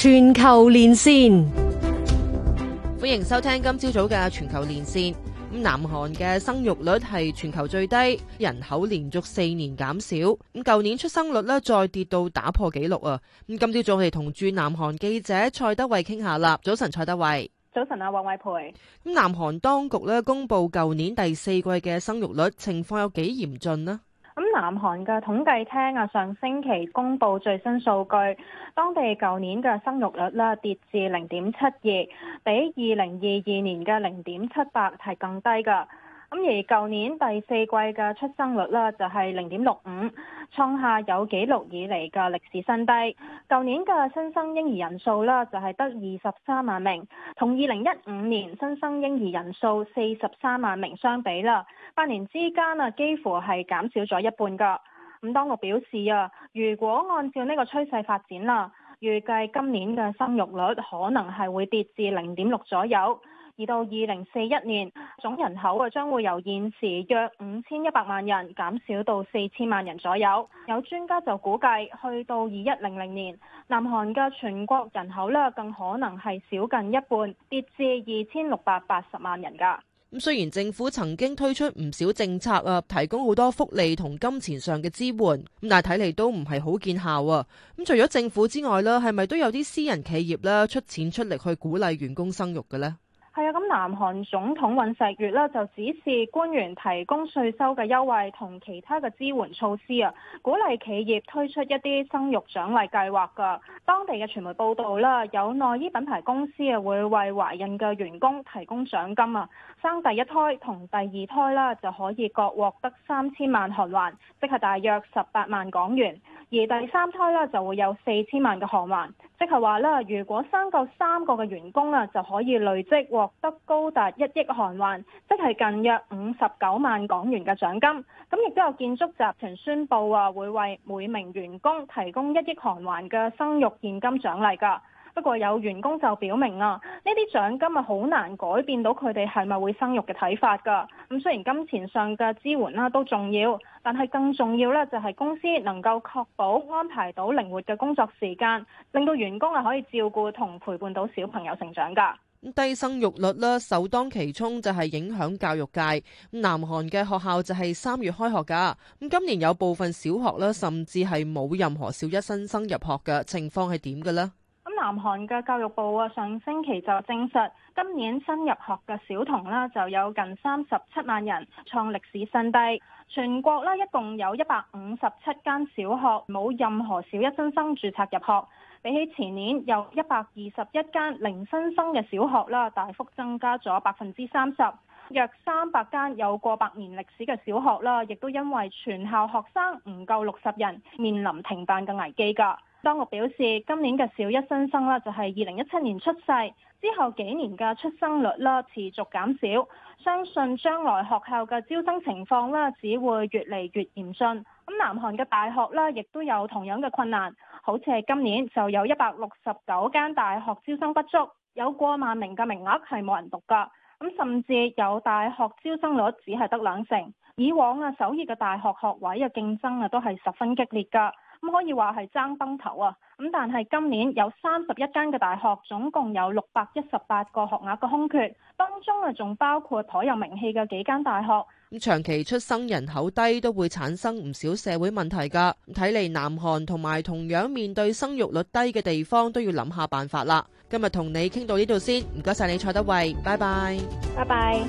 全球連線，歡迎收聽今朝早嘅全球連線。咁南韓嘅生育率係全球最低，人口連續四年減少。咁舊年出生率呢再跌到打破紀錄啊！咁今朝早我同駐南韓記者蔡德蕙傾下啦。早晨，蔡德蕙。早晨啊，王慧蓓。咁南韓當局呢，公布舊年第四季嘅生育率情況有幾嚴峻呢？南韓嘅統計廳啊，上星期公布最新數據，當地舊年嘅生育率咧跌至零點七二，比二零二二年嘅零點七八係更低噶。咁而舊年第四季嘅出生率啦，就係零點六五，創下有紀錄以嚟嘅歷史新低。舊年嘅新生嬰兒人數啦，就係得二十三萬名，同二零一五年新生嬰兒人數四十三萬名相比啦，八年之間啊幾乎係減少咗一半噶。咁當局表示啊，如果按照呢個趨勢發展啦，預計今年嘅生育率可能係會跌至零點六左右，而到二零四一年，總人口啊，將會由現時約五千一百萬人減少到四千萬人左右。有專家就估計，去到二一零零年，南韓嘅全國人口呢，更可能係少近一半，跌至二千六百八十萬人噶。咁雖然政府曾經推出唔少政策啊，提供好多福利同金錢上嘅支援，咁但係睇嚟都唔係好見效啊。咁除咗政府之外咧，係咪都有啲私人企業咧出錢出力去鼓勵員工生育嘅呢？係啊，咁南韓總統尹錫悅呢，就指示官員提供稅收嘅優惠同其他嘅支援措施啊，鼓勵企業推出一啲生育獎勵計劃㗎。當地嘅傳媒報道啦，有內衣品牌公司啊會為懷孕嘅員工提供獎金啊，生第一胎同第二胎啦就可以各獲得三千萬韓元，即係大約十八萬港元，而第三胎啦，就會有四千萬嘅韓元。即係話咧，如果生夠三個嘅員工啊，就可以累積獲得高達一億韓圜，即係近約五十九萬港元嘅獎金。咁亦都有建築集團宣布話，會為每名員工提供一億韓圜嘅生育現金獎勵㗎。不過有員工就表明啊，呢啲獎金啊好難改變到佢哋係咪會生育嘅睇法㗎。咁雖然金錢上嘅支援啦都重要，但係更重要咧就係公司能夠確保安排到靈活嘅工作時間，令到員工係可以照顧同陪伴到小朋友成長㗎。低生育率咧首當其衝就係影響教育界。南韓嘅學校就係三月開學㗎。咁今年有部分小學咧，甚至係冇任何小一新生入學嘅情況係點嘅呢？南韓嘅教育部啊，上星期就證實，今年新入學嘅小童啦，就有近三十七萬人，創歷史新低。全國啦，一共有一百五十七間小學冇任何小一新生註冊入學，比起前年有一百二十一間零新生嘅小學啦，大幅增加咗百分之三十。約三百間有過百年歷史嘅小學啦，亦都因為全校學生唔夠六十人，面臨停辦嘅危機㗎。當局表示，今年嘅小一新生啦，就係二零一七年出世之後幾年嘅出生率啦，持續減少，相信將來學校嘅招生情況啦，只會越嚟越嚴峻。咁南韓嘅大學啦，亦都有同樣嘅困難，好似係今年就有一百六十九間大學招生不足，有過萬名嘅名額係冇人讀㗎，咁甚至有大學招生率只係得兩成。以往啊，首爾嘅大學學位嘅競爭啊都係十分激烈噶，咁可以話係爭崩頭啊。咁但係今年有三十一間嘅大學，總共有六百一十八個學額嘅空缺，當中啊仲包括頗有名氣嘅幾間大學。咁長期出生人口低都會產生唔少社會問題㗎。睇嚟，南韓同埋同樣面對生育率低嘅地方都要諗下辦法啦。今日同你傾到呢度先，唔該晒你蔡德蕙，拜拜，拜拜。